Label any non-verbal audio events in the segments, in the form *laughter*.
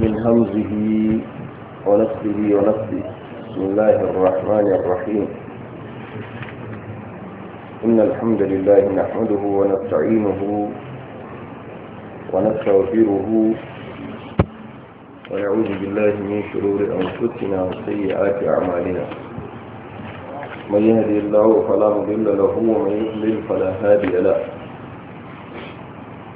من همزه ونفسه ونفسه بسم الله الرحمن الرحيم إن الحمد لله نحمده ونستعينه ونستغفره ونعوذ بالله من شرور أنفسنا وسيئات أعمالنا من يهدي الله فلا مضل له ومن يضلل فلا هادي له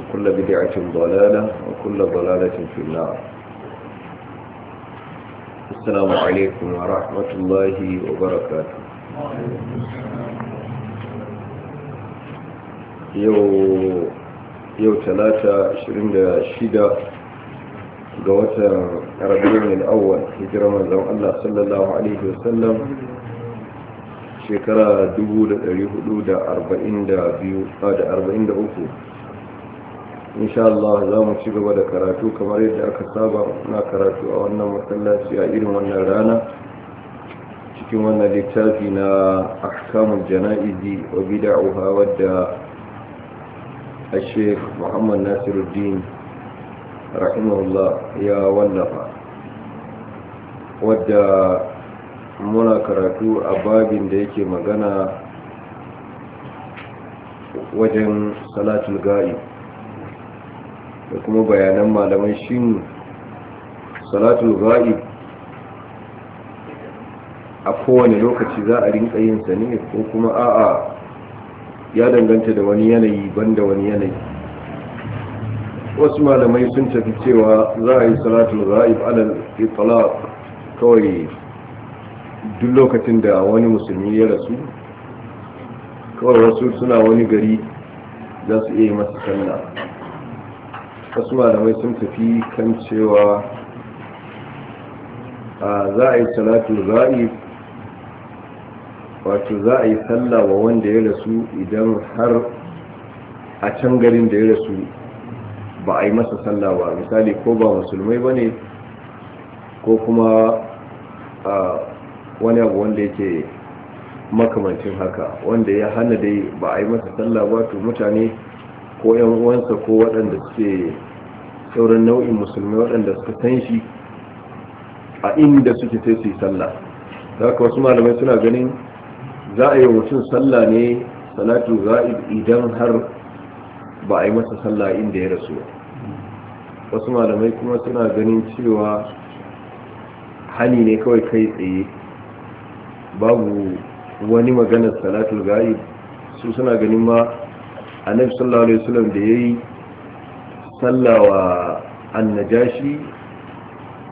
وكل بدعة ضلالة وكل ضلالة في النار السلام عليكم ورحمة الله وبركاته يو يو ثلاثة عشرين شدة قوات ربيعنا الأول هجرة من لو الله صلى الله عليه وسلم شكرا دول أليه دولة أربعين دا بيو آه، أربعين دا أفو insha Allah za mu ci gaba da karatu kamar yadda aka saba na karatu a wannan masallaci a irin wannan rana cikin wannan littafi na ahkamul jana'izi wa bid'aha wadda Sheikh Muhammad Nasiruddin rahimahullah ya wallafa wadda muna karatu a babin da yake magana wajen salatul ga'ib da kuma bayanan malaman shin Salatu ra'ib a kowane lokaci za a rinka yin sa ne ko kuma a'a ya danganta da wani yanayi banda wani yanayi wasu malamai sun tafi cewa za a yi salatul ra'ib alal itlaq kawai duk lokacin da wani musulmi ya rasu kawai wasu suna wani gari za su iya masa sallah wasu malamai sun tafi kan cewa za a yi salatu za'i wato za a yi sallah wa wanda ya rasu idan har a can garin da ya rasu ba a yi masa sallah ba misali ko ba musulmai ba ne ko kuma wani abu wanda yake makamancin haka wanda ya hana dai ba a yi masa sallah ba to mutane ko yan uwansa ko waɗanda suke sauran nau'in musulmi waɗanda suka san shi a inda suke sai su yi sallah za ka wasu malamai suna ganin za a yi mutum sallah ne salatu za'id idan har ba a yi masa sallah inda ya rasu wasu malamai kuma suna ganin cewa hani ne kawai kai tsaye babu wani maganar salatu za'id su suna ganin ma annabi sallallahu alaihi wasallam da yayi sallawa annajashi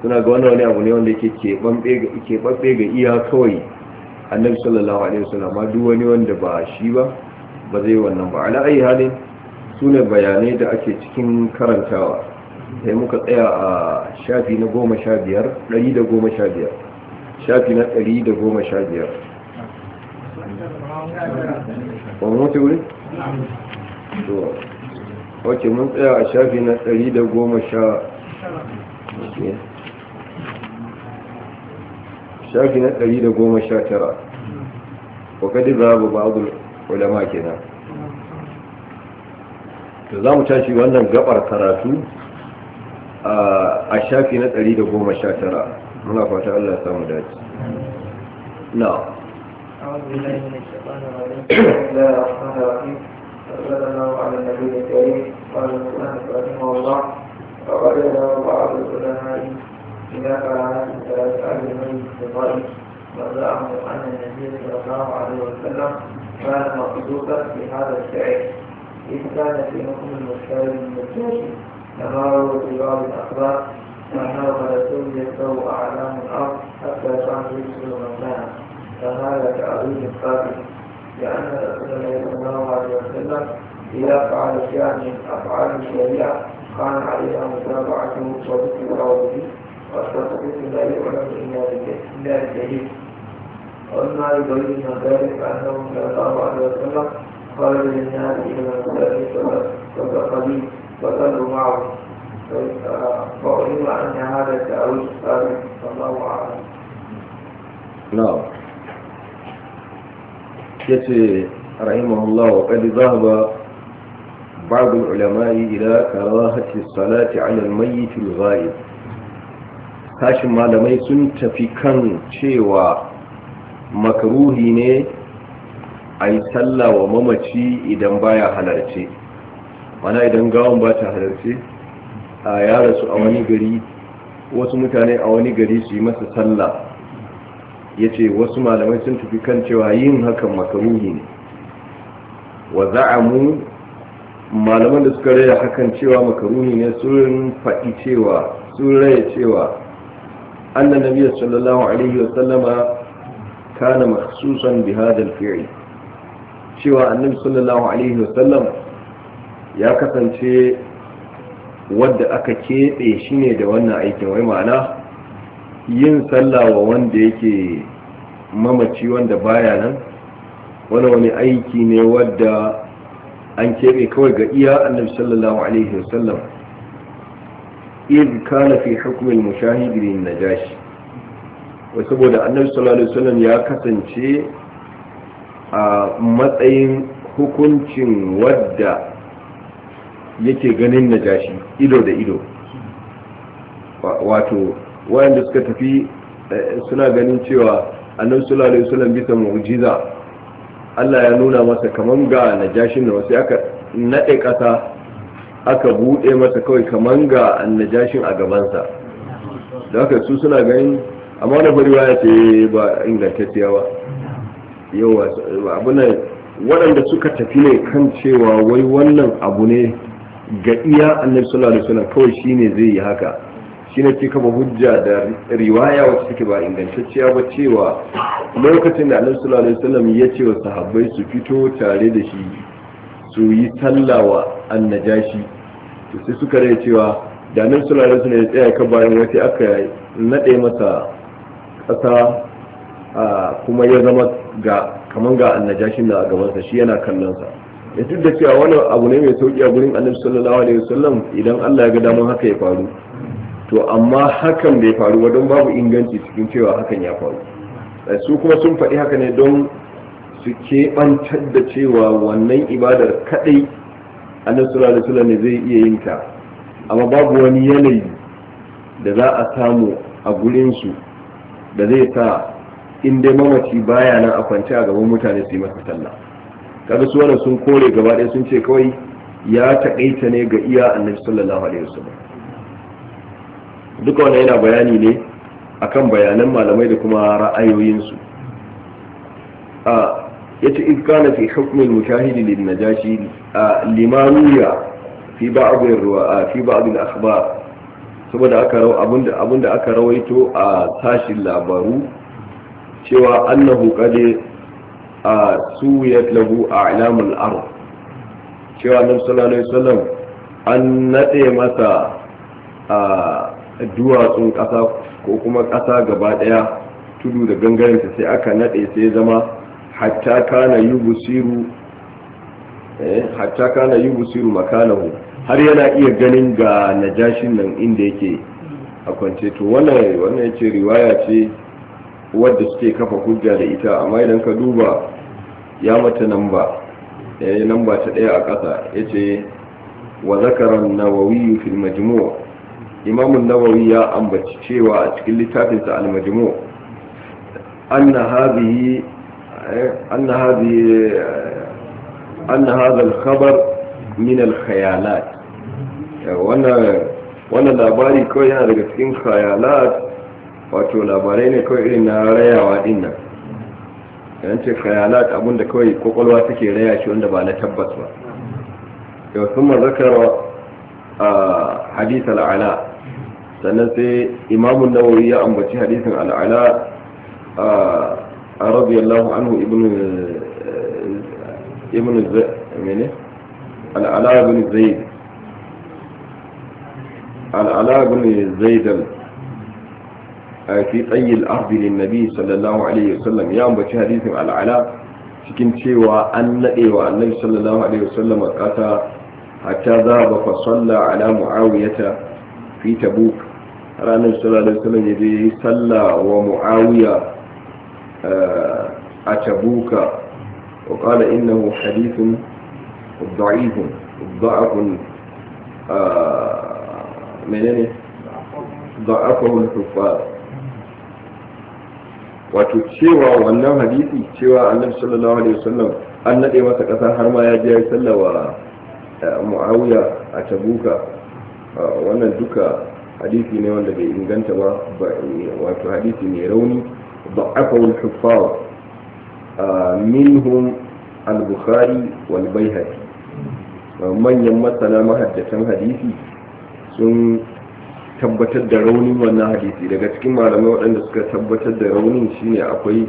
suna ga wannan wani abu ne wanda yake ke babbe ga iya kawai annabi sallallahu alaihi wasallam ma duk wani wanda ba shi ba ba zai wannan ba ala ayi hali sune bayanai da ake cikin karantawa sai muka tsaya a shafi na 15 115 shafi na 115 wani wata wuri? addu'a wace mun tsaya a shafi na 110 shafi na 119 wakadi zaɓa ba'adul ulama kenan to za mu tashi wannan gabar karatu a shafi na 119 muna fata Allah samu daji na. وصلى الله على النبي الكريم قال المؤلف رحمه الله وقد له بعض العلماء إذا فعلت ثلاث أهل الميت بطريق وزعموا أن النبي صلى الله عليه وسلم كان مقصودا في هذا الشعر إذ كان في حكم المشتري المتوشي كما روى في بعض الأخبار أنه رسول يستوى أعلام الأرض حتى كان يكسر مكانه فهذا تعظيم قاتل لأن رسول الله وسلم إذا فعل شيئا من أفعال الشريعة كان عليها متابعته وذكره به والتصديق لا يعلم إلا الجليل وأما يبين ذلك أنه صلى الله عليه وسلم قال للناس إلى المساجد فتصلي وصلوا معه فعلم أن هذا التأويل ثابت والله أعلم. نعم. yace رحمه الله وقد ذهب بعض العلماء إلى كراهة الصلاة على الميت الغائب هاشم malamai sun tafi kan cewa makaruhi ne a yi wa mamaci idan baya halarce mana idan gawon ba ta halarce a yara su wasu mutane a wani gari su yi masa sallah yace ce wasu malamai sun tafi kan cewa yin hakan makaruhi ne wa za'amu malaman da suka raya hakan cewa makaruni ne sun faɗi cewa sun raya cewa annan nabiya sallallahu alaihi wa sallama kana makhsusan bi hadha al cewa annabi sallallahu alaihi wa sallam ya kasance wadda aka keɓe shi ne da wannan aikin wai ma'ana yin sallah wa wanda yake mamaci wanda baya nan wani wani aiki ne wadda an keɓe kawai ga iya annabi sallallahu alaihi wasallam iz kana fi hukumin mushahidin najashi wa saboda annabi sallallahu alaihi wasallam ya kasance a matsayin hukuncin wadda yake ganin najashi ido da ido wato wayanda suka tafi eh, suna ganin cewa annabi sallallahu alaihi wasallam bisa mu'jiza Allah ya nuna masa kaman ga najashin da wasu aka naɗe ƙasa aka buɗe masa kawai kaman ga annajashin a gabansa da haka su suna ganin amma wani bari ya ce ba ingantacciya ba yawa abunan waɗanda suka tafi ne kan cewa wai wannan abu ne ga iya annabi sallallahu alaihi wasallam kawai shine zai yi haka shi ne ba hujja da riwaya wacce take ba ingantacciya ba cewa lokacin da annabi sallallahu alaihi wasallam ya ce wa sahabbai su fito tare da shi su yi sallawa annajashi to sai suka rai cewa da annabi sallallahu alaihi wasallam ya tsaya ka bayan wata aka nade masa kasa kuma ya zama ga kaman ga annajashin da a gabansa shi yana kallon sa ya duk da cewa wani abu ne mai sauki a gurin annabi sallallahu alaihi wasallam idan Allah ya ga daman haka ya faru to amma hakan bai faru ba don babu inganci cikin cewa hakan ya faru eh, su kuma sun faɗi haka ne don su keɓantar da cewa wannan ibadar kaɗai annabi ne zai iya yin ta amma babu wani yanayi da za a samu a gurinsu da zai sa in dai mamaci baya nan a kwance a gaban mutane su yi masa sallah kaga su wani sun kore gaba ɗaya sun ce kawai ya taƙaita ne ga iya annabi sallallahu alaihi wasallam duka wannan yana bayani ne akan bayanan malamai da kuma ra'ayoyinsu a yace in kana fi hukmi al-mushahid lin najashi limaniya fi ba'd ar fi ba'd al-akhbar saboda aka rawa abinda abinda aka rawaito a sashin labaru cewa annahu qad a suwiyat a a'lamul ard cewa annabi sallallahu alaihi wasallam an nade masa a duwatsun ƙasa ko kuma ƙasa gaba ɗaya tudu da ta sai aka naɗe sai zama hatta kana yi busiru eh, hatta kana makanahu har yana iya ganin ga najashin nan inda yake a kwance to wannan wannan ce riwaya ce wadda suke kafa hujja da ita amma idan ka duba ya mata namba eh namba ta ɗaya a ƙasa yace wa zakaran nawawi fil majmu' imamun nawawi ya ambaci cewa a cikin littafinsa almajimu an haɗa alkhabar min alkhayalat wannan labari kawai yana daga cikin khayalat wato labarai ne kawai irin na rayawa dinnan yan ce khayalat abinda kawai kwakwalwa take raya shi wanda ba na tabbas ba yau sun mazakarawa hadith al'ala sannan sai imamun nawawi ya ambaci hadisin al'ala a radiyallahu anhu ibn eh, mene al'ala ibn zaid al'ala ibn zaid fi tsayil ardi nabi sallallahu alaihi wasallam ya ambaci hadisin al'ala cikin cewa an nade wa annabi sallallahu alaihi wasallam kasa حتى ذهب فصلى على معاوية في تبوك رأنا صلى الله عليه وسلم يجي صلى ومعاوية آه، أتبوك وقال إنه حديث ضعيف ضعف آه، من ضعفه الحفاظ wato cewa wannan hadisi cewa annabi sallallahu alaihi wasallam an nade masa kasa har ma ya je ya sallawa muawiya a tabuka wannan duka hadisi ne wanda bai inganta ba wato hadisi mai rauni minhum al-bukhari البخاري والبيهقي manyan masana mahaddatan hadisi sun tabbatar da raunin wannan hadisi daga cikin malamai waɗanda suka tabbatar da raunin shine akwai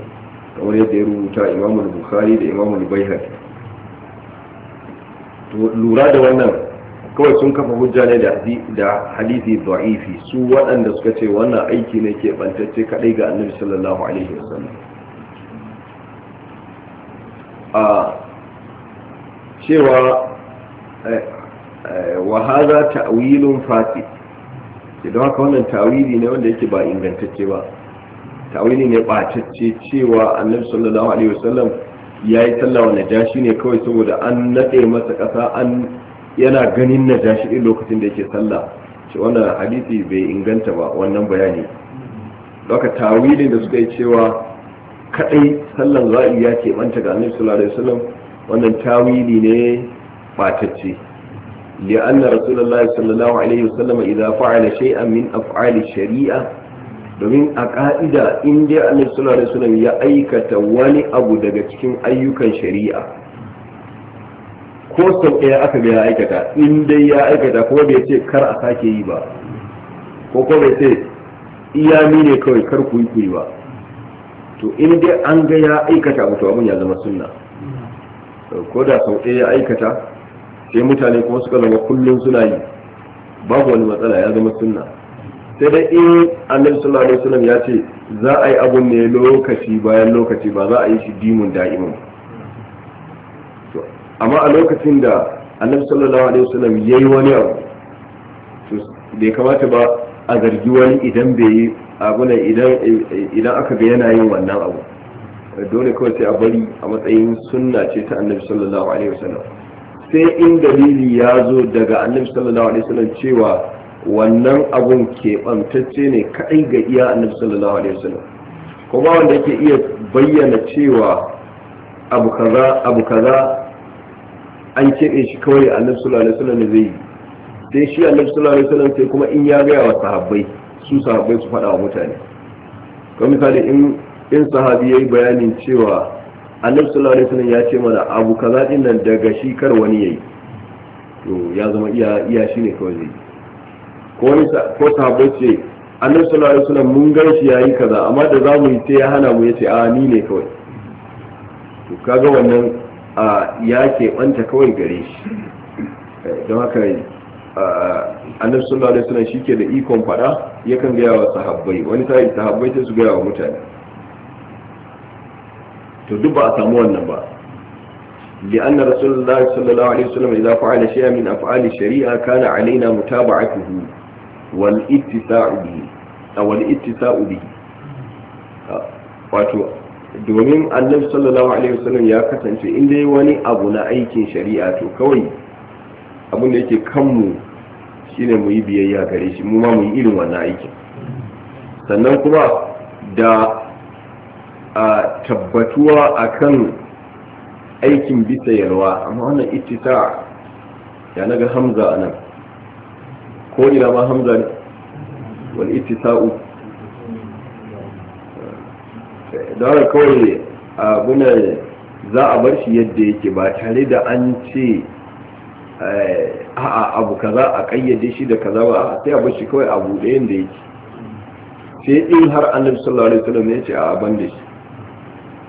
kamar yadda ya rubuta imamul bukhari da imamul baihaqi lura da wannan kawai sun kafa hujja ne da hadithi da'ifi su waɗanda suka ce wannan aiki ne ke bantacce kaɗai ga annabi sallallahu alaihi wasallam a cewa eh, eh, wa hadha ta'wilun fasid idan haka wannan tawili ne wanda yake ba ingantacce ba tawili ne ɓatacce cewa annabi sallallahu alaihi wasallam ya yi sallah wa najashi ne kawai saboda an natse masa ƙasa an yana ganin najashi ɗin lokacin da yake sallah shi wannan hadisi bai inganta ba wannan bayani haka tawilin da suka yi cewa kadai sallan za'i ya ke manta ga annabi sallallahu alaihi wasallam wannan tawili ne batacce li'anna rasulullahi sallallahu alaihi wasallam idza fa'ala shay'an min af'ali shari'a domin a ka'ida in dai annabi sallallahu alaihi ya aikata wani abu daga cikin ayyukan shari'a ko sau ɗaya aka ga ya aikata in dai ya aikata kuma bai ce kar a sake yi ba ko kuma bai ce iyami ne kawai kar ku yi ku yi ba to in dai an ga ya aikata abu to abin ya zama sunna ko da sau ɗaya ya aikata sai mutane kuma suka zama kullum suna yi babu wani matsala ya zama sunna sai dai in annabi sallallahu alaihi wasallam ya ce za a yi abun ne lokaci bayan lokaci ba za a yi shi dimun da'ima to amma a lokacin da annabi sallallahu alaihi wasallam yayi wani abu to bai kamata ba a zargi wani idan bai yi abu ne idan idan aka ga yana yin wannan abu dole kawai sai a bari a matsayin sunna ce ta annabi sallallahu alaihi wasallam sai in dalili ya zo daga annabi sallallahu alaihi wasallam cewa wannan abun keɓantacce ne kaɗai ga iya annabi sallallahu alaihi wasallam kuma wanda yake iya bayyana cewa abu kaza abu kaza an keɓe shi kawai annabi sallallahu alaihi wasallam ne zai yi sai shi annabi sallallahu alaihi wasallam sai kuma in ya gaya wa sahabbai su sahabbai su faɗa wa mutane Kuma misali in in sahabi yi bayanin cewa annabi sallallahu alaihi wasallam ya ce mana abu kaza din nan daga shi kar wani yayi to ya zama iya iya shine kawai zai ko wani sahabbai ce annabi sallallahu alaihi wasallam mun gan shi yayi kaza amma da zamu yi ta ya hana mu yace a ni ne kawai to kaga wannan ya ke banta kawai gare shi don haka annabi sallallahu alaihi wasallam shike da ikon fada yakan ga yawa sahabbai wani sai sahabbai sai su ga yawa mutane to duk ba a samu wannan ba لأن رسول الله صلى الله عليه وسلم إذا فعل شيئا من أفعال الشريعة كان علينا متابعته wal ubi, wato domin annabi sallallahu alaihi wasallam ya kasance inda dai wani abu na aikin shari'a to kawai abin da yake kanmu shine mu yi biyayya gare shi mu ma mu yi irin wannan aikin sannan kuma da a tabbatuwa akan aikin bisa yalwa amma wannan ittisa ya naga hamza nan. ko ina ma hamza ne wal ittisa'u da haka kawai abuna za a bar shi yadda yake ba tare da an ce eh, a abu kaza a kayyade shi da kaza ba sai a bar shi kawai abu da yanda yake sai in har annabi sallallahu alaihi wasallam ce a ban da shi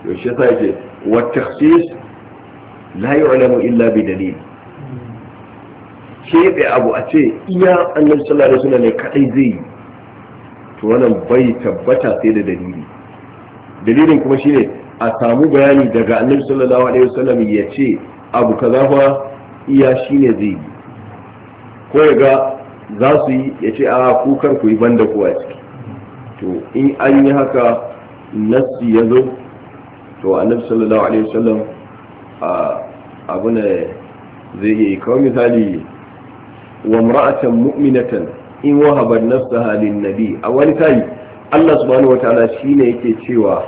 yaushe sai ce wa takhsis la yu'lamu illa bi dalil keɓe abu a ce iya annabi sallallahu alaihi wasallam ne kadai zai yi to wannan bai tabbata sai da dalili dalilin kuma shine a samu bayani daga annabi sallallahu alaihi wasallam ya ce abu kaza fa iya shine zai yi ko ya ga za su yi ya ce a kukar ku yi banda kowa ciki to in an yi haka nassi ya zo to annabi sallallahu alaihi wasallam abu ne zai yi kawai misali wa imra'atan mu'minatan in wahabat nafsaha lin nabi a wani kai Allah subhanahu wataala shine yake cewa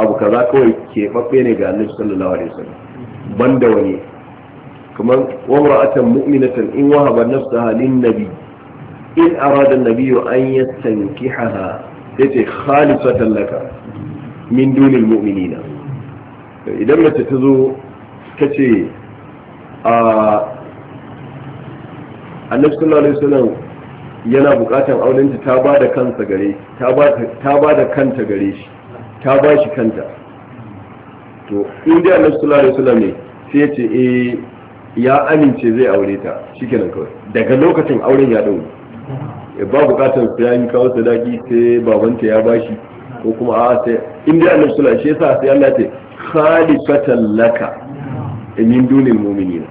abu kaza kawai ke keɓaɓɓe ne ga annabi sallallahu alaihi wasallam banda wani kuma wa imra'atan mu'minatan in wahabat nafsaha lin nabi in arada an-nabi an yastankihaha yace khalisatan laka min dunil mu'minina idan mace ta zo ta ce a ah, annabi sallallahu alaihi wasallam yana bukatan aurenta ta ba da kansa gare ta ba da kanta gare shi ta ba shi kanta to inda annabi sallallahu alaihi wasallam ne sai ya ce eh ya amince zai aure ta shikenan kawai daga lokacin auren ya ya ba bukatan sai an kawo sadaki sai babanta ya bashi ko kuma a sai inda annabi sallallahu alaihi wasallam shi yasa sai Allah ya ce khalifatan laka min dunin muminina.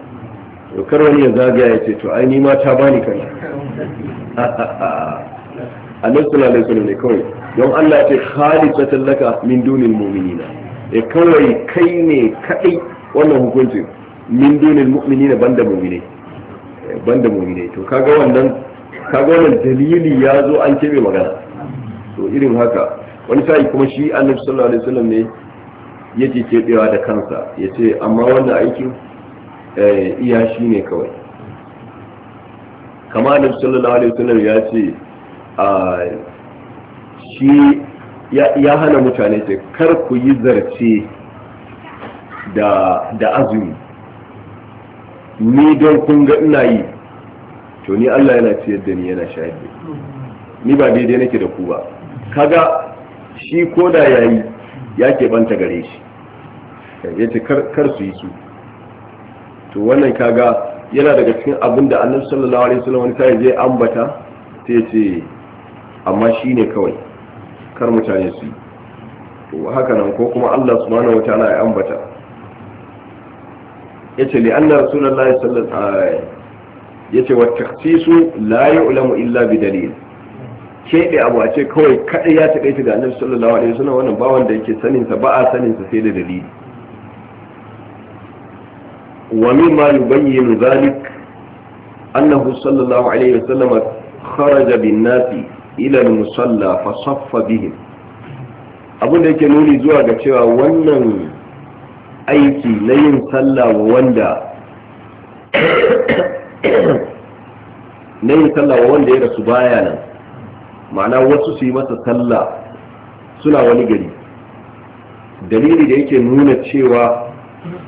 to wani ya zagaya ya ce to ai ni ma ta bani kai nan suna da wasallam ne kawai don Allah ya ce khalisatan laka min dunil mu'minina e kawai kai ne kadai wannan hukuncin min dunil mu'minina banda mu'mine eh, banda mu'mine to kaga wannan kaga wannan dalili ya zo an kebe magana to irin haka wani sai kuma shi annabi sallallahu alaihi wasallam ne yake kebewa da kansa yace amma wannan aikin Eh, iya shi ne kawai kama da sallallahu alaihi wasallam ya ce ah, shi ya hana mutane ce kar ku yi zarce da azumi ni don kun ga ina yi to ni Allah yana ciyar da ni yana shayar ni ba daidai nake da ku ba kaga shi ko da yayi ya ke banta gare shi ya ce kar su yi su to wannan kaga yana daga cikin abin da annabi sallallahu alaihi wasallam wani sai je ambata sai ce amma shine kawai kar mutane su to haka nan ko kuma Allah subhanahu wataala ya ambata yace li anna rasulullahi sallallahu alaihi eh, yace wa takhsisu la ya'lamu illa bi dalil kebe abu a ce kawai kada ya taƙaita da annabi sallallahu alaihi wasallam wannan ba wanda yake sanin sa ba a sanin sa sai da dalili ومما يبين ذلك أنه صلى الله عليه وسلم خرج بالناس إلى المصلى فصف بهم abin da yake nuni zuwa ga cewa wannan aiki na yin sallah wanda na yin sallah wanda ya rasu baya nan ma'ana wasu su yi masa sallah suna wani gari dalili da yake nuna cewa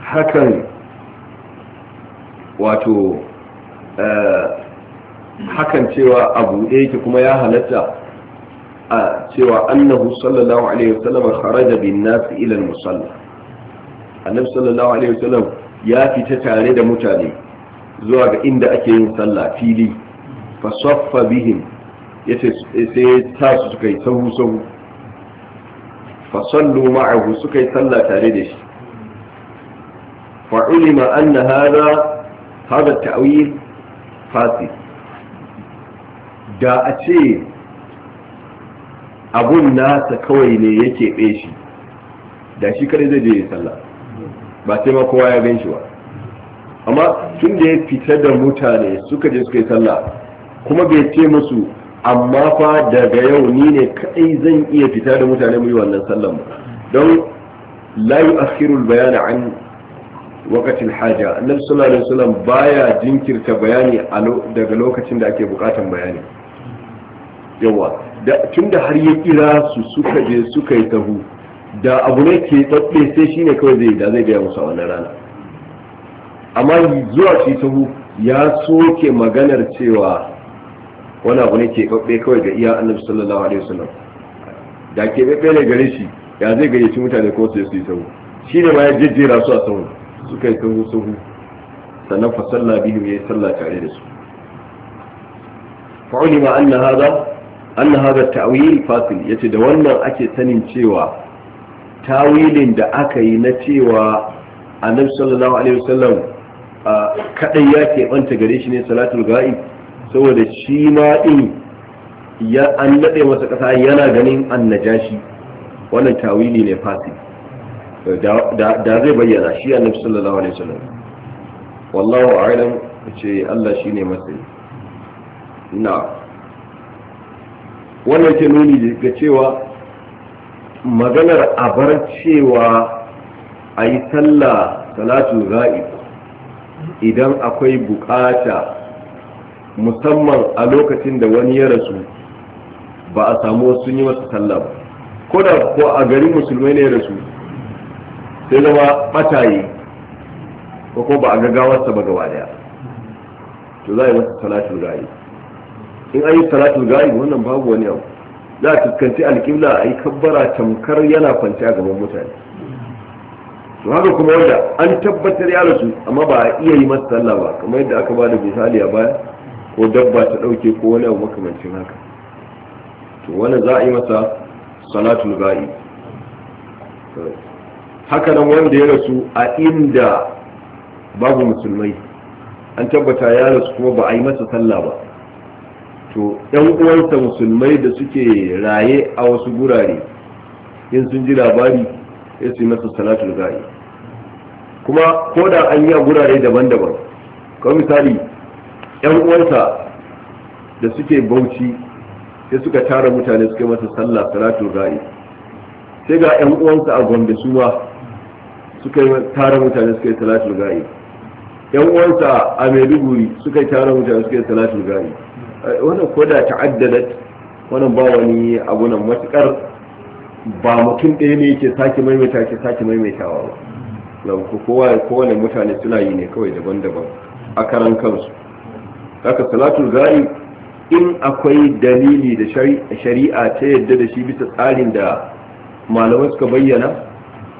hakan wato eh, hakan cewa abu da yake kuma ya halatta a cewa annahu sallallahu alaihi wasallam kharaja bin nas ila al-musalla annabi sallallahu alaihi wasallam ya fita tare da mutane zuwa ga inda ake yin sallah fili fa saffa bihim yace sai ta su suka yi sahu sahu fa sallu ma'ahu suka yi sallah tare da shi fa ulima anna hadha هذا التأويل فاسد da a ce abun nasa kawai ne yake keɓe shi da shi kare zai je sallah ba sai kowa ya gan shi ba amma tun da ya fita da mutane suka je suka yi sallah kuma bai ce musu amma fa daga yau ni ne kadai zan iya fita da mutane mu yi wannan sallan ba don layu yu'akhiru al-bayan an lokacin haja annabi sallallahu alaihi wasallam baya jinkirta bayani daga lokacin da ake bukatan bayani yawa tunda har ya kira su suka je suka yi tahu da abu ne ke tsatse sai shine kawai zai da zai gaya musu a wannan rana amma zuwa shi tahu ya soke maganar cewa wani abu ne ke tsatse kawai ga iya annabi sallallahu alaihi wasallam da ke tsatse ne gare shi ya zai gayyaci mutane ko su yi tahu shine ma ya jejjera su a tahu suka yi sahu sahu sannan fasalla salla ya yi salla tare da su fa ulima anna hadha anna hadha ta'wil fasil yace da wannan ake sanin cewa tawilin da aka yi na cewa annabi sallallahu alaihi wasallam kadai ya ke banta gare shi ne salatul ghaib saboda shi ma din ya an nade masa kasa yana ganin annajashi wannan tawili ne fasil da zai bayyana shi da ne sallallahu alaihi wasallam wallahu a'lam ce Allah shine matsayi na wannan ke nuni ga cewa maganar a bar cewa a yi talla salatu ra'i idan akwai bukata musamman a lokacin da wani ya rasu ba a samu sun yi masa talla ba ko da ko a garin musulmai ne ya rasu sai zama bataye ko ko ba a gawarsa ba gaba daya to za a yi masa salatul ga'i in an yi salatul ga'i wannan babu wani abu za a fuskanci alƙibla a yi kabbara tamkar yana kwanci a gaban mutane to haka kuma wanda an tabbatar ya rasu amma ba a iya yi masa sallah ba kamar yadda aka ba da misali a baya ko dabba ta ɗauke ko wani abu makamancin haka to wannan za a yi masa salatul gari haka nan wanda ya rasu a inda babu musulmai an tabbata ya rasu kuma ba a yi masa sallah ba to yan uwansa musulmai da suke raye a wasu gurare in sun ji labari ya su yi masa salatul gari. kuma ko da an yi a gurare daban-daban kawai misali yan uwansa da suke bauchi sai suka tara mutane suke masa sallah salatul gari, sai ga yan uwansa a gombe su ma suka yi tara mutane suka yi salatul gari yan uwansa a maiduguri suka yi tara mutane suka yi salatul gari eh, wannan ko da ta'addadat wannan ba wani abu nan matukar ba mutum ɗaya ne yake sake maimaita ke sake maimaitawa ba kowa kowane mutane suna yi ne kawai daban-daban a karan kansu haka salatul gari in akwai dalili da shari'a ta yadda da shi bisa tsarin da malamai suka bayyana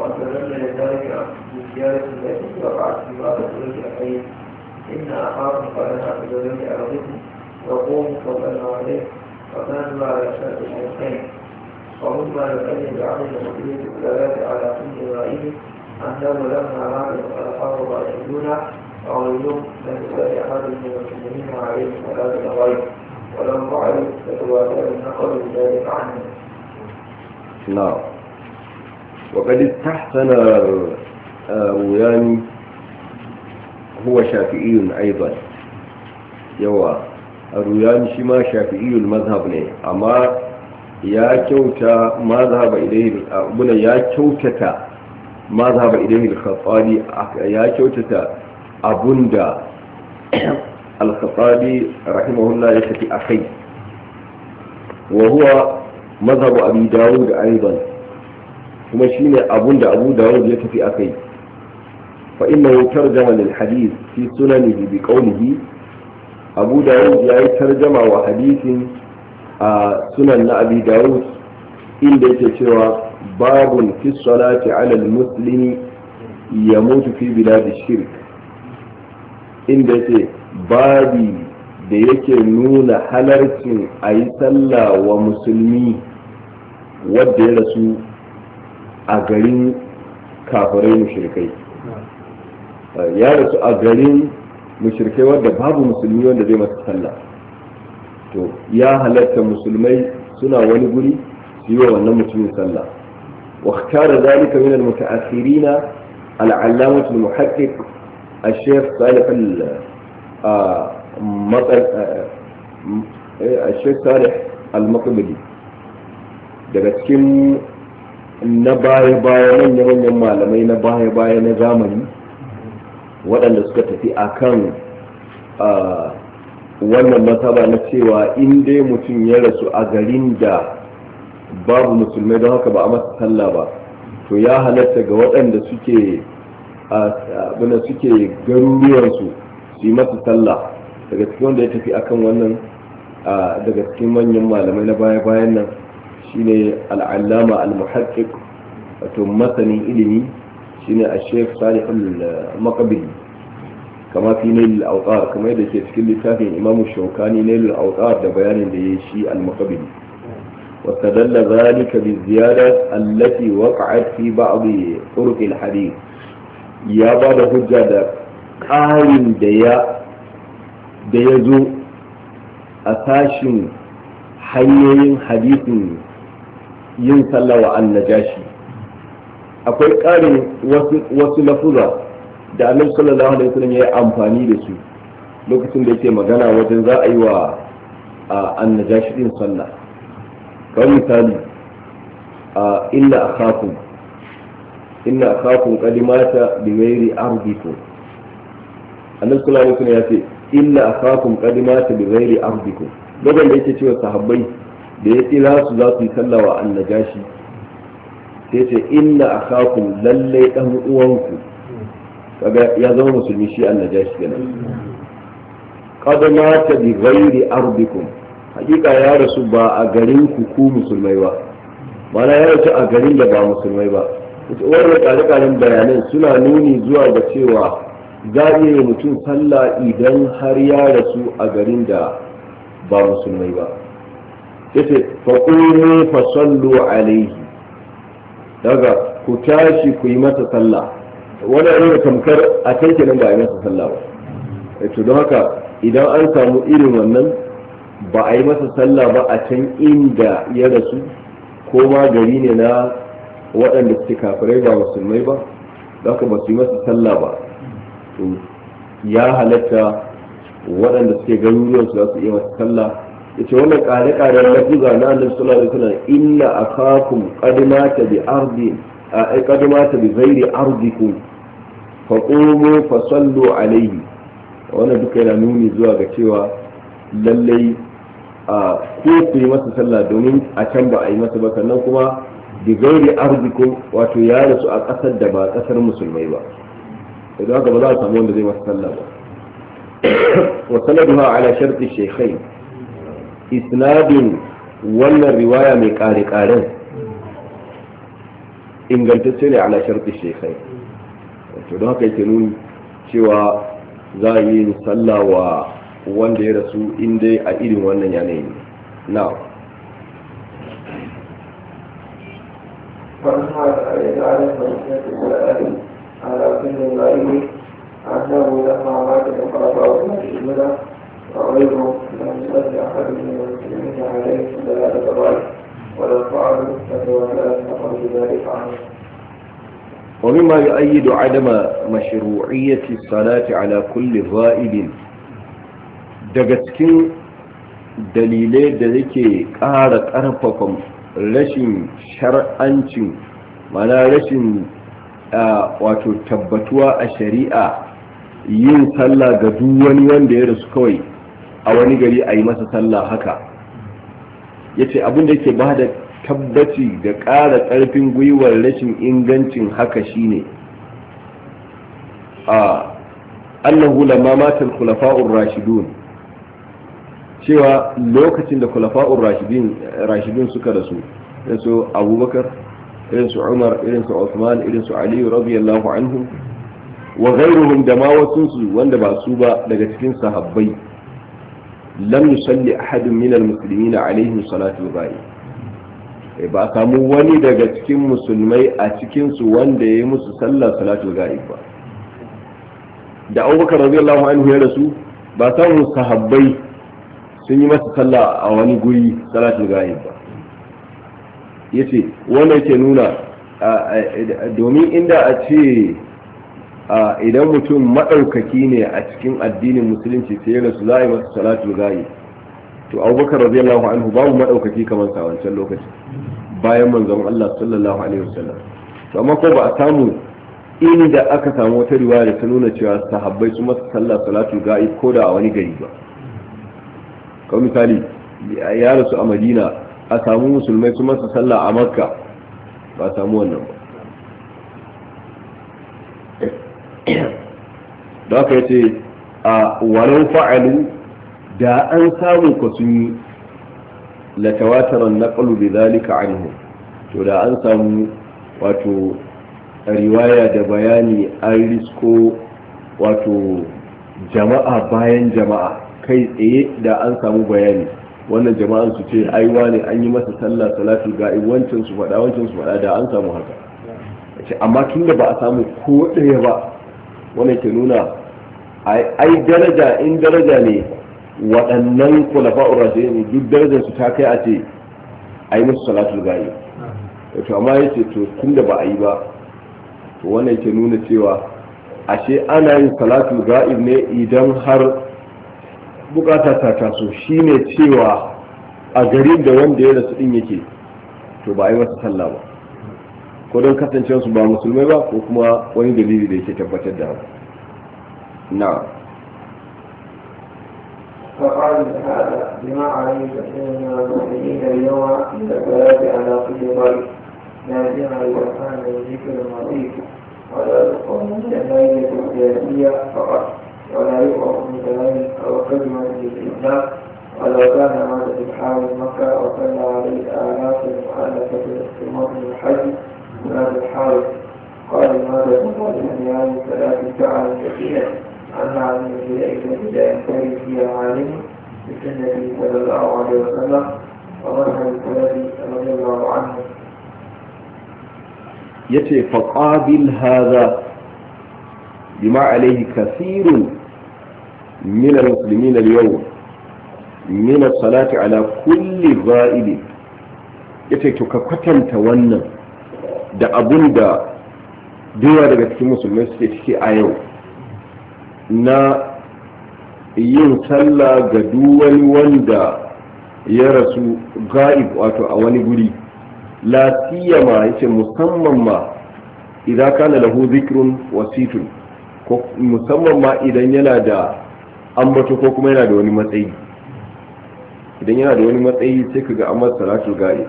وأتمنى لذلك بزيارة التي وقعت في بعض الدروس الأخيرة إن أخاكم قد أخذ ذلك أرضكم وقوموا فضلنا عليه وكانوا على شرط الشيخين ما يكلم بعض مسؤولية الولايات على كل رأيه أنه لما أراد الخلفاء الراشدون وغيرهم لم يسأل أحد من المسلمين عليهم الصلاة الغيب ولو فعلوا فتواتر النقل بذلك عنه. نعم. وقد استحسن روياني آه، هو شافعي أيضا يوا الروياني شما شافعي المذهب نه أما يا كوتا ما ذهب إليه أبنا يا كوتا ما ذهب إليه الخطابي يا كوتا أبندا *coughs* الخطابي رحمه الله يشفي أخي وهو مذهب أبي داود أيضا kuma shine abun da Abu Dawud ya tafi akai fa innahu tarjama lil hadith fi sunani bi qawlihi Abu Dawud ya yi tarjama wa hadithin a sunan na Abi Dawud inda yake cewa babun fi salati ala al muslimi yamutu fi bilad shirk inda yake babi da yake nuna halarcin a yi sallah wa musulmi wadda ya rasu a garin kafirai mushrikai ya rasu a garin mushrikai babu musulmi wanda zai masa sallah to ya halatta musulmai suna wani guri su yi wa wannan mutumin sallah واختار ذلك من المتأخرين العلامة المحقق الشيخ صالح الشيخ صالح المقبلي daga cikin na baya-baya manya-manyan malamai na baya-baya na zamani waɗanda suka tafi a kan wannan masaba na cewa in dai mutum ya rasu a garin da babu musulmai don haka ba a masa sallah ba to ya halatta ga waɗanda suke abin suke garuruwansu su yi masa sallah daga cikin wanda ya tafi akan wannan daga cikin manyan malamai na baya-bayan nan shine al'alama al al-muhaqqiq wato masani ilimi shine a shef sani makabili kama fi nail al’autar kama yadda ke cikin littafin imam shaukani nail al’autar da bayanin da ya shi al-makabili wata dalla zani ka bi ziyara allafi wa ƙa'afi ba a ya ba da hujja da ƙarin da ya zo a sashin hanyoyin hadisin yin sallah wa annajashi akwai ƙarin wasu lafuza da annabi sallallahu alaihi wasallam ya yi amfani da su lokacin da yake magana wajen za a yi wa annajashi din sallah kawai misali inna akhakum inna akhakum qadimata bi ghairi ardikum annabi sallallahu alaihi wasallam ya ce inna akhakum qadimata bi ghairi ardikum lokacin da yake cewa sahabbai da ya kira su za su yi sallah wa annajashi sai ce inna akhakum lallai dan uwanku kaga ya zama musulmi shi annajashi Kada qad ta bi ghairi ardikum hakika ya rasu ba a garin ku ku musulmai ba mana ya rasu a garin da ba musulmai ba wannan kare-karen bayanan suna nuni zuwa ga cewa za a iya mutum sallah idan har ya rasu a garin da ba musulmai ba yace fa qulu fa sallu alayhi daga ku tashi ku yi masa sallah wala ne tamkar a kai kenan ba a yi masa sallah ba eh, to don haka idan an samu irin wannan ba a yi masa sallah ba a can inda ya rasu ko ma gari ne na waɗanda suke kafirai ba musulmai ba don haka ba su yi masa sallah ba ya halatta waɗanda suke su za su iya masa sallah yace wannan kare kare na fuza na annabi sallallahu alaihi wasallam inna a qad kadimata bi ardi qad mata bi fa ardikum faqumu fasallu alaihi wannan duka yana nuni zuwa ga cewa lallai a ko ku yi masa sallah domin a can ba a yi masa ba sannan kuma bi gairi wato ya rasu a kasar da ba kasar musulmai ba idan haka ba za a samu wanda zai masa sallah ba *coughs* wa sanaduha ala sharti shaykhain isnadin wannan riwaya mai kare-karen ingantacce ne ala sharfi shekai to don haka yake nuni cewa za a yi sallah wa wanda ya rasu inda a irin wannan yanayi na على كل غريب أنه لما مات من قرابة ومن فغيره لم يصل أحد من المسلمين عليه ومما يؤيد عدم مشروعية الصلاة على كل غائب daga cikin dalilai da yake ƙara ƙarfafa rashin shar'ancin mana rashin wato tabbatuwa a shari'a yin sallah ga duk wani wanda ya rasu kawai a wani gari a yi masa sallah haka ya ce abin da yake ba da tabbaci da ƙara ƙarfin gwiwar rashin ingancin haka shine a annahu lamma matal kulafa'ur rashidun cewa lokacin da kulafa'ur rashidun suka rasu su abubakar irin umar irin su usman irin su ali radiyallahu anhu. wa ghayruhum da ma wasu wanda ba su ba daga cikin sahabbai lam yusalli ahadun min almuslimina alayhi salatu bai eh, ba samu wani daga cikin musulmai a cikin su wanda yayi musu sallah salatu bai ba da Abubakar radiyallahu anhu ya rasu ba samu sahabbai sun yi masa sallah a wani guri salatu bai ba yace wannan ke nuna domin inda a ce idan mutum maɗaukaki ne a cikin addinin musulunci sai ya rasu za'i masa salatu za'i to abubakar radiyallahu anhu babu maɗaukaki kamar sa wancan lokaci bayan manzon Allah sallallahu alaihi wasallam to amma ko ba a samu inda aka samu wata riwaya da ta nuna cewa sahabbai su masa sallah salatu ga'i ko da a wani gari ba Ko misali ya rasu a madina a samu musulmai su masa sallah a makka ba a samu wannan ba *coughs* da aka yace a walau fa'alu da an samu ka sun yi latawataran naƙalu bi zalika anhu to da an samu wato riwaya da bayani an risko wato jama'a bayan jama'a kai tsaye da an samu bayani wannan jama'an su ce aiwa ne an yi masa sallah salatu ga wancan su faɗa wancan su faɗa da an samu haka amma tun da ba a samu ko ɗaya ba wannan ke nuna ai daraja in daraja ne waɗannan kulafa'ur ne duk darajar su ta kai a ce ai musu salatul ghaib to amma ce to tunda ba a yi ba to wannan ke nuna cewa ashe ana yin salatu gari ne idan har bukata ta taso ne cewa a garin da wanda ya rasu din yake to ba a yi masa sallah ba ko don su ba musulmai ba ko kuma wani dalili da yake tabbatar da hau na ولا كان هذا في حال مكة وكان عليه آلاف المحلة في الحج بن أبي الحارث قال ماذا تقول عن يعني ثلاث ساعة كثيرة عن معلم البدائي التي لا ينتهي فيها عالم بسنته صلى الله عليه وسلم ومذهب السلفي رضي الله عنه يتي فقابل هذا بما عليه كثير من المسلمين اليوم من الصلاة على كل غائب يتي kulli za'ili da abun da yawa daga cikin musulmai suke ciki a yau na yin sallah ga duwani wanda ya rasu ga'ib wato a wani guri la siyama yace musamman ma idan kana lahu zikrun wasitun ko musamman ma idan yana da ambato ko kuma yana da wani matsayi idan yana da wani matsayi sai kaga amma salatu ga'ib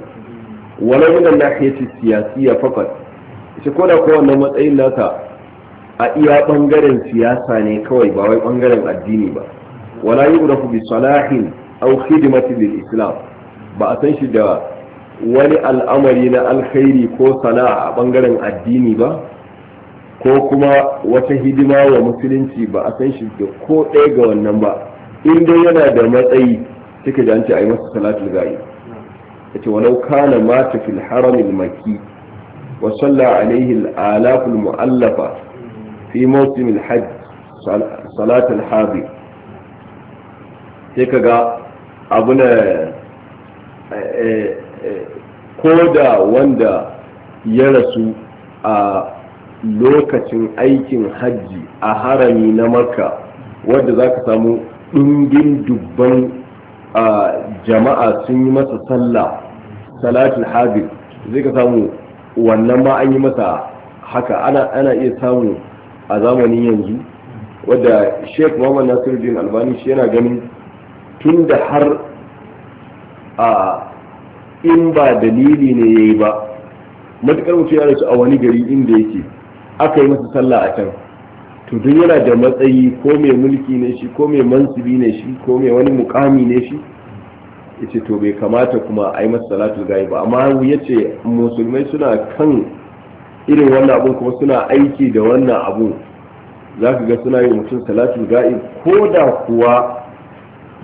walau min nahiyati siyasiya faqat shi ko da ko matsayin naka a iya bangaren siyasa ne kawai ba wai bangaren addini ba wala yu'rafu bi salahin aw khidmati lil islam ba a san shi da wani al'amari na alkhairi ko sana'a a bangaren addini ba ko kuma wata hidima wa musulunci ba a san shi da ko ɗaya ga wannan ba in dai yana da matsayi suka da an ce a yi masa salatul ga'ib yace walau kana mata fil haram makki wa salla alayhi al al mu'allafa fi mawsim al hajj salat al hadir sai kaga eh, eh, koda wanda ya rasu a lokacin aikin hajji a harami na makka wanda zaka samu ɗungin dubban a jama'a sun yi masa sallah salatul habib zai ka samu wannan ma an yi masa haka ana ana iya samu a zamanin yanzu wadda sheikh muhammad nasiruddin albani shi yana ganin tun da har a in ba dalili ne ya yi ba matukar mutum ya a wani gari inda yake aka yi masa sallah a can to duk yana da matsayi ko mai mulki ne shi ko mai mansubi ne shi ko mai wani mukami ne shi yace to bai kamata kuma a yi masa salatul gayi ba amma yace musulmai suna kan irin wannan abun kuma suna aiki da wannan abun za ka ga suna yi mutum salatul ga'i ko da kuwa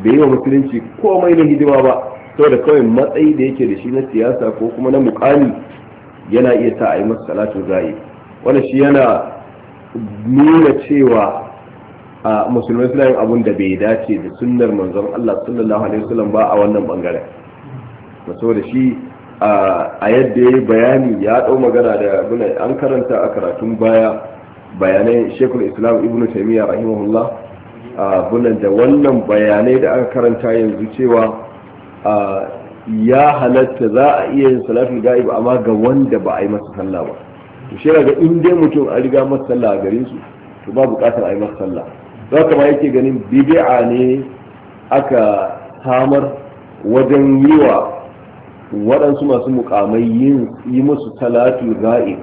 bai yi wa musulunci komai na hidima ba saboda kawai matsayi da yake da shi na siyasa ko kuma na mukami yana iya ta a yi masa salatul ga'i wannan shi yana nuna cewa a musulmai suna yin abun da bai dace da sunnar manzon Allah sallallahu alaihi wasallam ba a wannan bangaren da shi a yadda ya bayani ya ɗau magana da abin an karanta a karatun baya bayanai shekul islam ibn taimiyya rahimahullah da wannan bayanai da aka karanta yanzu cewa ya halatta za a iya yin salatu ga'ib amma ga wanda ba a yi masa sallah ba to shi ga in dai mutum a riga masa sallah a gare su to ba bukatar a yi masa sallah za ka ma yake ganin bid'a ne aka samar wajen yi wa waɗansu masu mukamai yi musu talatu za'i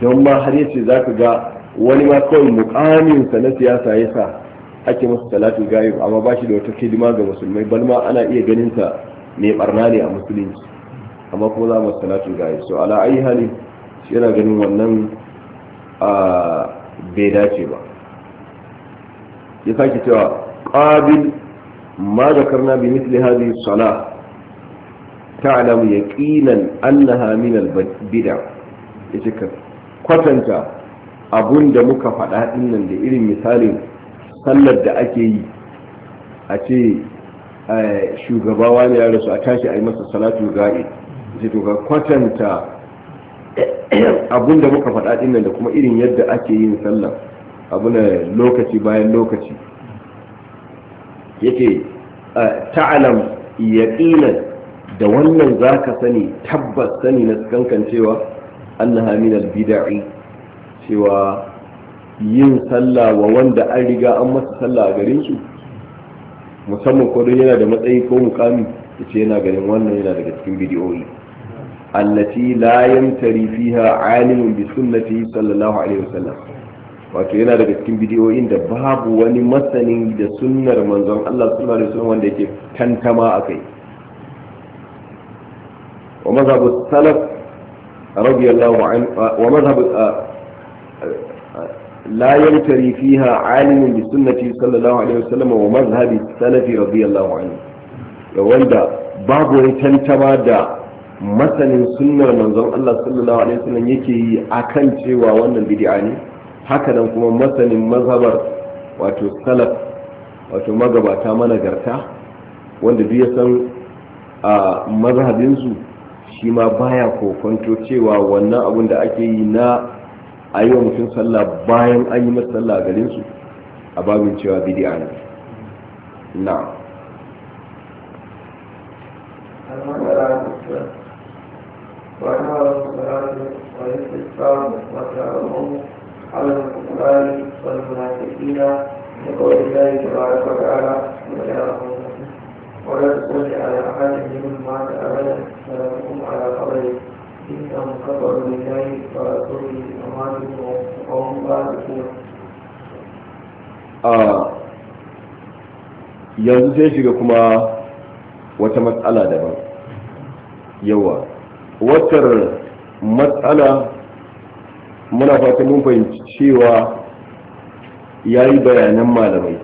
don ma har yace za ka ga wani ma kawai mukaminsa na siyasa ya sa ake masa talatu za'i amma ba shi da wata hidima ga musulmai bal ma ana iya ganin ta mai barna ne a musulunci amma kuma za mu talatu gayi so ala ayi hali yana ganin wannan bai dace ba ya sake cewa qabil ma zakarna bi mithli hadhihi salah ta'lamu yaqinan annaha min al-bid'a yace ka kwatanta abun da muka faɗa ɗinnan nan da irin misalin sallar da ake yi a ce eh, shugaba wani ya rasu a tashi a yi masa salatu ga'i sai to ka kwatanta abun da muka faɗa ɗin da kuma irin yadda ake yin sallah abu na lokaci bayan lokaci yake ta'alam yaqinan da wannan za ka sani tabbas sani na kankan cewa an na al bidai cewa yin sallah wa wanda an riga an masa sallah a garin su musamman ko yana da matsayi ko mukami ce yana garin wannan yana daga cikin bidiyoyi allati la yamtari fiha alimun bi sunnati sallallahu alaihi wasallam wato yana daga cikin bidiyoyin da babu wani masanin da sunnar manzon Allah sallallahu alaihi wasallam wanda yake tantama akai wa mazhabu salaf radiyallahu an wa mazhabu لا يمتري فيها عالم بسنة صلى الله عليه وسلم ومذهب السلف رضي الله عنه wanda babu wani tantama da masanin sunnar manzon Allah sallallahu alaihi wasallam yake yi akan cewa wannan bid'a ne haka nan kuma masanin mazhabar wato salaf wato magabata managarta wanda duk ya san a su shi ma baya kokonto cewa wannan abun da ake yi na a mutum sallah bayan an yi masa sallah garin su a babin cewa bid'a ne na'am yanzu sai shiga kuma wata matsala daban yawa watar matsala muna fatan mun fahimci cewa ya yi bayanan malamai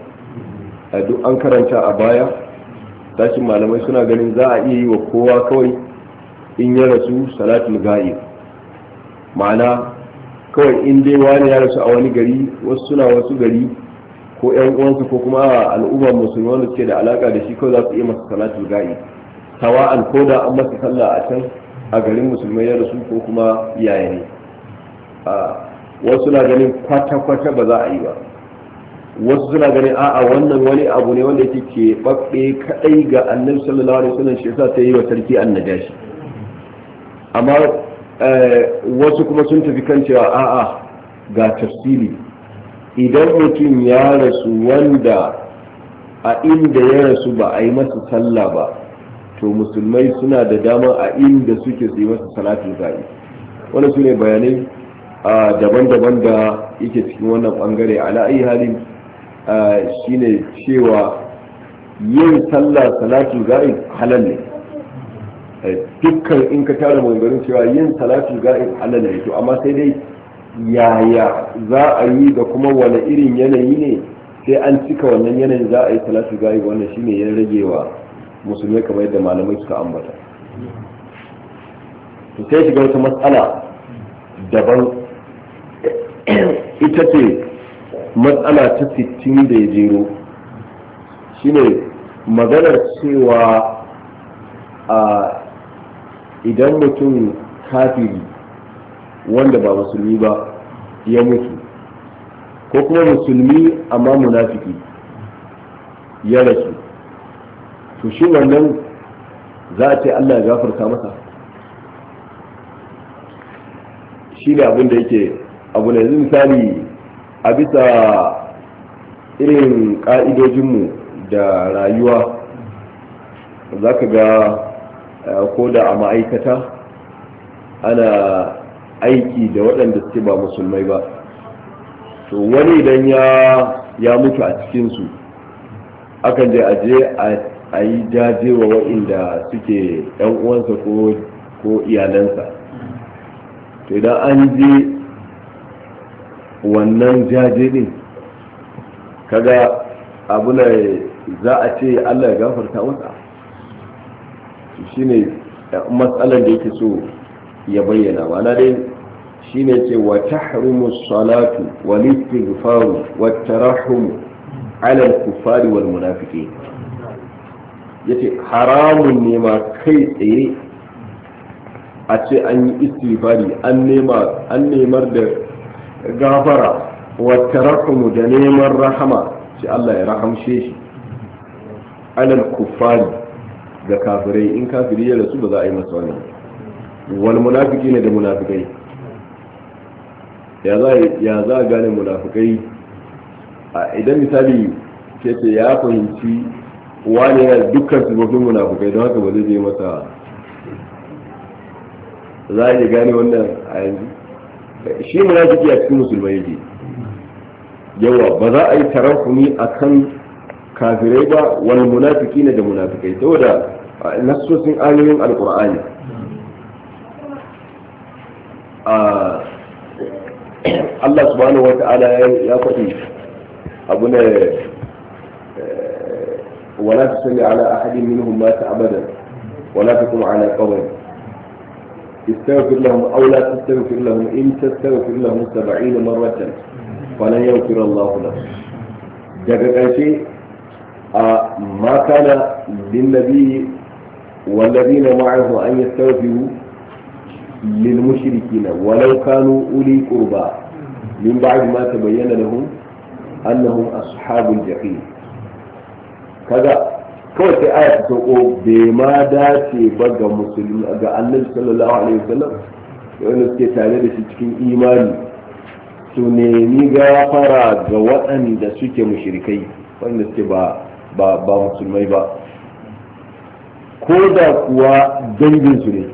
a duk an karanta a baya tashin malamai suna ganin za a iya yi wa kowa kawai in ya rasu salatul ga'ib ma'ana kawai in dai wani ya rasu a wani gari wasu suna wasu gari ko yan uwansu ko kuma al'ummar musulmi wanda suke da alaka da shi kawai za su iya masa salatul ga'ib tawa'an ko da an masa sallah a can a garin musulmai ya rasu ko kuma yaya ne wasu na ganin kwata-kwata ba za a yi ba wasu suna ganin a'a wannan wani abu ne wanda yake ke ɓaɓɓe kaɗai ga annabi sallallahu alaihi wasallam shi yasa ta yi wa sarki annajashi amma eh, wasu kuma sun tafi kan cewa a'a ga tafsiri idan mutum ya rasu wanda a inda ya rasu ba a yi masa sallah ba to musulmai suna da dama a inda suke su yi masa salatul zai wani su ne bayanai daban-daban da yake cikin wannan bangare ala ayi halin ne cewa yin sallah salatu zai halal ne dukkan in ka tara mangarin cewa yin salatu zai halal ne to amma sai dai yaya za a yi da kuma wani irin yanayi ne sai an cika wannan yanayin za a yi salatu zai wannan shine ya ragewa musulmi kamar yadda malamai suka ambata to sai shiga wata matsala daban ita ce matsala ta fitin da ya jero shine maganar cewa a idan mutum kafiri wanda ba musulmi ba ya mutu ko kuma musulmi amma munafiki ya rasu to shi wannan za a ce Allah ya gafarta masa shi ne abin da yake abu ne yanzu misali a bisa irin ƙa'idojinmu da rayuwa za ka ga eh, ko da a ma'aikata ana aiki da waɗanda suke ba musulmai ba to wani idan ya mutu a cikinsu akan je a je a a yi jaje wa waɗanda suke ɗan uwansa ko iyalansa to idan an je wannan jaje ɗin kaga abu za a ce allah ya gafarta masa shine matsalar da yake so ya bayyana mana dai shine ce wa ta harumu salatu wal faru wa ta rahumu alal kufari wal munafiki yace haramun ne ma kai tsaye a ce an yi istibari an nemar da gafara wa tarakumu da neman rahama shi Allah ya rahamshe shi alal kufari ga kafirai in kafiri ya rasu ba za a yi masu wani wal munafiki ne da munafikai ya za ya za gane munafikai idan misali ke ya fahimci wani yana dukkan sifofin munafukai don haka ba zai je masa za a iya gane wannan a yanzu shi munafiki a cikin musulmai yake yawa ba za a yi tarafumi a kan kafirai ba wani munafiki ne da munafikai saboda nasosin ayoyin alkur'ani Allah subhanahu wa ta'ala ya faɗi abu ne ولا تصلي على أحد منهم مات أبدا ولا تقم على قبره استغفر لهم أو لا تستغفر لهم إن تستغفر لهم سبعين مرة فلن يغفر الله لهم daga ƙarshe a makana linnabi wallabi na ma'aihu an yi sarfihu lilmushirikina walau kanu uli qurba min ba'd ma tabayyana lahum annahum ashabul jahim kaga kawai sai aya ta sauko bai ma dace ba ga musulmi ga annabi sallallahu alaihi wasallam da wanda suke tare da shi cikin imani su nemi gafara ga waɗanda suke mushrikai wanda suke ba ba ba musulmai ba ko da kuwa dangin su ne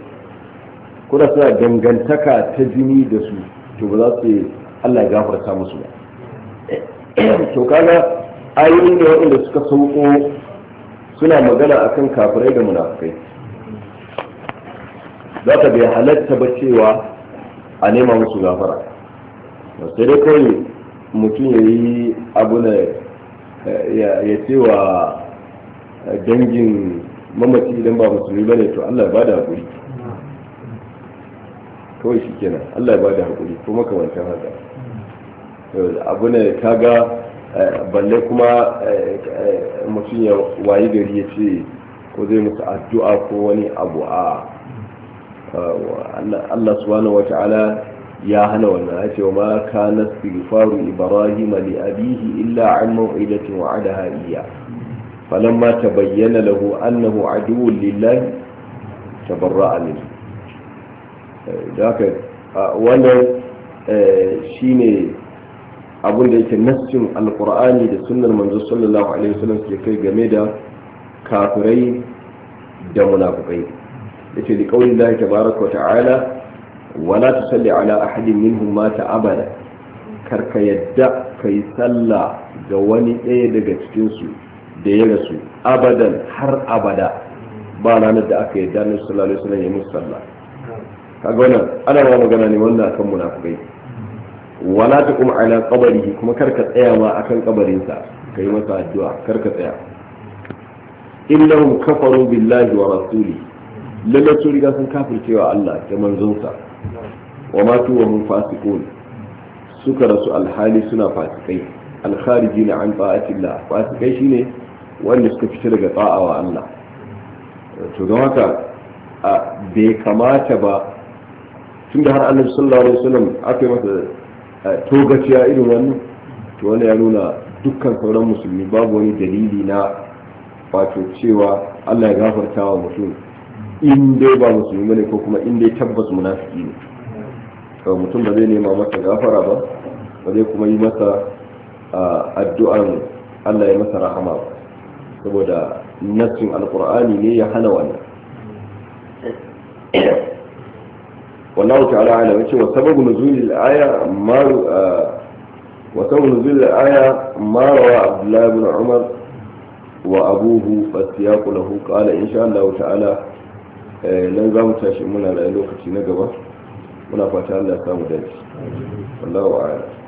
ko da suna dangantaka ta jini da su to ba za su Allah ya gafarta musu ba to kaga ayoyi ne waɗanda suka sauko suna magana a kan kafirai da munafukai za ka bai halatta ba cewa a nema musu gafara sai dai kawai mutum ya yi abu na ya cewa dangin mamaci idan ba musulmi ba ne to allah ba da haƙuri kawai shi kenan allah ba da haƙuri ko makamantan haka abu ne ka ga. balle kuma eh, mutum ya wayi gari ya ce ko zai musu addu'a ko wani abu a eh, Allah subhanahu wa ta'ala ya hana wannan ya ce wa ma kana istighfaru ibrahim li abihi illa an maw'idatin Falan ma ta bayyana lahu annahu aduwwun lillahi tabarra'a minhu eh, da haka wannan shine abin da yake nassin alkur'ani da sunnar manzo sallallahu alaihi wasallam ke kai game da kafirai da munafiqai yace li qawli llahi tabaaraka wa ta'ala wa la tusalli ala ahadin minhum ma abada karka yadda kai sallah ga wani ɗaya daga cikin su da ya rasu abadan har abada ba ranar da aka yadda annabi sallallahu alaihi wasallam ya musu sallah kaga wannan ana magana ne wannan akan munafiqai wala ta kuma ala qabrihi kuma karka tsayawa akan kabarinsa yi masa addu'a karka tsaya innahum kafaru billahi wa rasuli lalle sun riga sun kafircewa Allah da manzonsa wa ma matu wa mun fasiqun suka rasu alhali suna fasikai alkharijina an ta'atillah fasikai shine wanda suka fita daga ta'a wa Allah to don haka bai kamata ba tun da har annabi sallallahu alaihi wasallam aka yi masa togaciya irin wannan to wani ya nuna dukkan sauran musulmi babu wani dalili na wato cewa Allah ya gafarta wa mutum in dai ba musulmi ne ko kuma in dai tabbas munafiki ne to mutum ba zai nema masa gafara ba ba zai kuma yi masa addu'an Allah ya masa rahama ba saboda nassin alqur'ani ne ya hana wannan wallahu ta'ala ala wace wa sababu nuzulil aya maru uh, wa sababu nuzulil aya marawa abdullahi bin umar wa abuhu fasiyaqu lahu qala insha Allah ta'ala eh, nan za mu tashi muna da lokaci na gaba muna fata Allah ya samu dace wallahu a'lam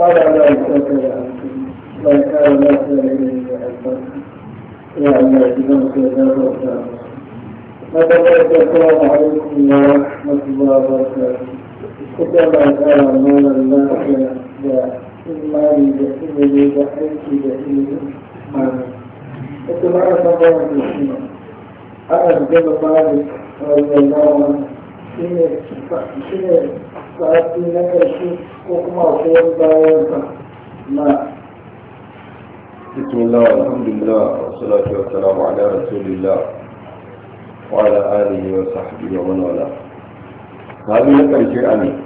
قال لا يستطيع وكان لا يا الله يجزاك الله خيرا وبارك السلام عليكم ورحمة الله وبركاته كتب تعالى مولا الله إما لجحيمه بحيث جحيمه آمين وكما أخبر المسلمين أنا بن مالك رضي الله عنه sati na ƙarshe ko kuma wasu bayan sa na بسم الله والحمد لله والصلاة والسلام على رسول الله وعلى آله وصحبه ومن والاه هذه نكر شيء أمين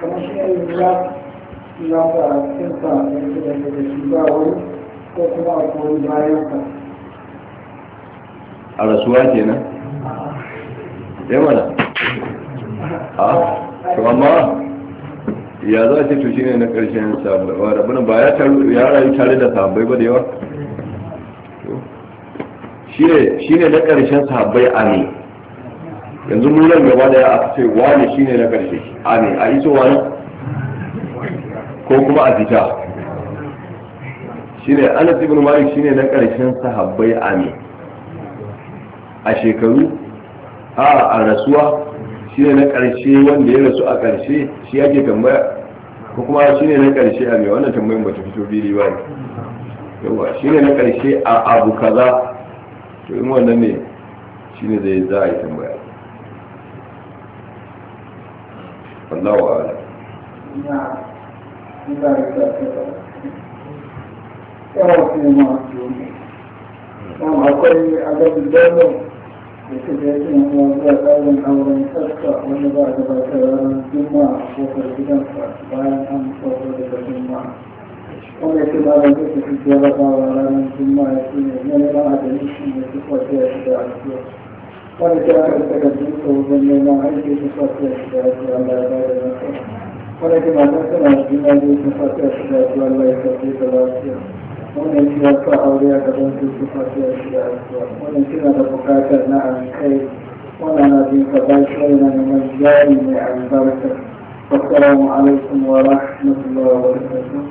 كما شيء ya ta kinsa ya ce da ke da kuma a a rasuwa kenan ya eh mana a to amma ya za ce to shine na karshen sabuwa rabunan ba ya rayu tare da sabai ba da yawa shine na karshen sabai a ne yanzu mulan gaba da ya aka ce shi shine na karshe a ne a iso wani ko kuma a fita shine anas ibn malik shine na karshen sahabbai amin a shekaru a a rasuwa shine na karshe wanda ya rasu a karshe shi yake tambaya ko kuma shine na karshe amin wannan tambayin ba ta fito biri ba ne yawa shine na karshe a abu kaza to in wannan ne shine zai za a yi tambaya Allahu a'lam क्या उसमें महत्व हम हकोई अगर विद्यालय जैसे जैसे हम अवधारण अवरण सबका अनुवाद वातावरण जुम्मा होकर विदम पर बायन हम होकर जुम्मा हम ऐसे बारे में किसी जगह का वातावरण जुम्मा ऐसे मैंने कहा जनिशन में से पहुंचे ऐसे डाल दिया पर क्या करते हैं जिनको बनने में आए किसी पहुंचे ऐसे डाल दिया अल्लाह का ولكن هذا كان عجبنا ليس فاتح الشهاد والله يكفيك الأشياء ومن كنا فأولياء كذن في صفات الأشياء ومن كنا تبقاك نعم خير ولنا بك باشرنا من الجانب عن البركة والسلام عليكم ورحمة الله وبركاته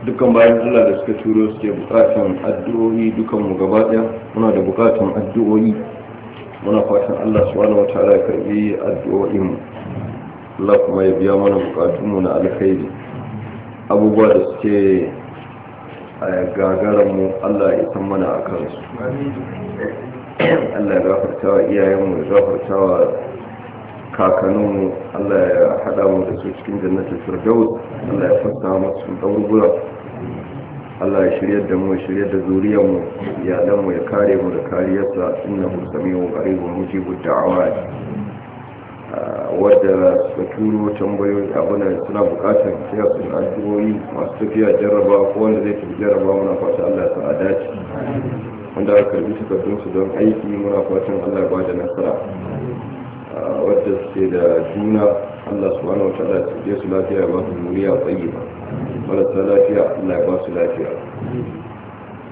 dukkan bayan Allah da suka turo suke bukatan addu'o'i dukan mu gaba daya muna da bukatan addu'o'i muna fatan Allah subhanahu wataala ya karbi addu'o'in mu Allah kuma ya biya mana bukatun mu na alkhairi abubuwa da suke a eh, gagaran mu Allah ya san mana akan su Allah ya gafarta wa iyayen mu ya gafarta wa kakanninmu Allah ya haɗa mu da su cikin jannatin firdaus Allah ya fasa masu ɗaurugura Allah ya shirya da mu ya shirya da zuriyar ya dan mu ya kare mu da kariyarsa innahu samiyun qaribun mujibud da'awat ah, wadda suka turo tambayoyi abin suna bukatar kiyar sun addu'o'i masu tafiya jarraba ko wanda zai tafi jarraba muna fata Allah ya sa dace wanda aka karbi takardunsu don aiki muna fatan Allah ya ba da nasara ah, wadda suke da juna Allah subhanahu wa ta'ala su je su lafiya ba su muriya tsayi ba marasa lafiya Allah ya ba su lafiya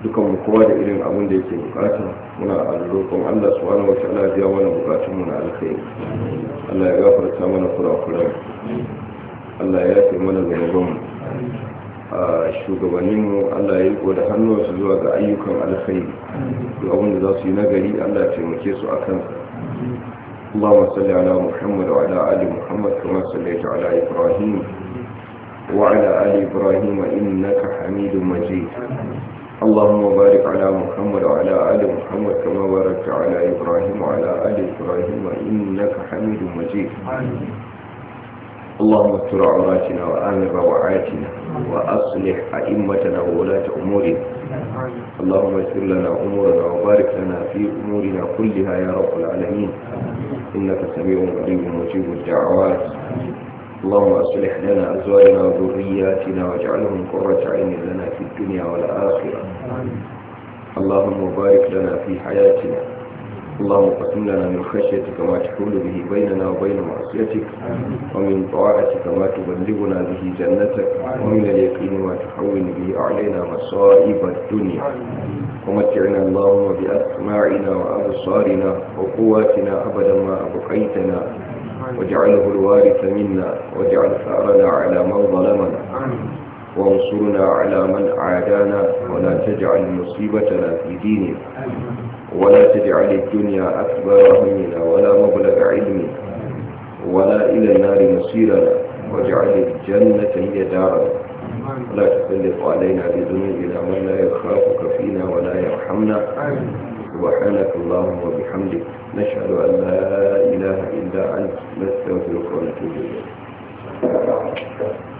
dukan mu kowa da irin abin da yake bukata muna a roƙon Allah subhanahu wataala ya biya mana bukatun mu na alkhairi Allah ya gafarta mana kurakuran Allah ya yafe mana zunuban mu a shugabannin mu Allah ya riko da hannuwansu zuwa ga ayyukan alkhairi duk abin da za su yi nagari Allah ya taimake su akan اللهم صل على محمد وعلى آل محمد كما صليت على إبراهيم وعلى آل إبراهيم إنك حميد مجيد اللهم بارك على محمد وعلى آل محمد كما باركت على إبراهيم وعلى آل إبراهيم إنك حميد مجيد اللهم استر عوراتنا وآمن روعاتنا وأصلح أئمتنا وولاة أمورنا اللهم اغفر لنا أمورنا وبارك لنا في أمورنا كلها يا رب العالمين إنك سميع قريب مجيب الدعوات اللهم أصلح لنا أزواجنا وذرياتنا واجعلهم قرة عين لنا في الدنيا والآخرة اللهم بارك لنا في حياتنا اللهم قسم لنا من خشيتك ما تحول به بيننا وبين معصيتك ومن طاعتك ما تبلغنا به جنتك ومن اليقين ما تحول به علينا مصائب الدنيا ومتعنا اللهم بأسماعنا وأبصارنا وقواتنا أبدا ما أبقيتنا واجعله الوارث منا واجعل ثأرنا على من ظلمنا وانصرنا على من عادانا ولا تجعل مصيبتنا في ديننا ولا تجعل الدنيا أكبر همنا ولا مبلغ علمنا ولا إلى النار مصيرنا واجعل الجنة هي دارنا ولا تسلط علينا بذنوبنا من لا يخافك فينا ولا يرحمنا سبحانك اللهم وبحمدك نشهد أن لا إله إلا أنت نستغفرك ونتوب إليك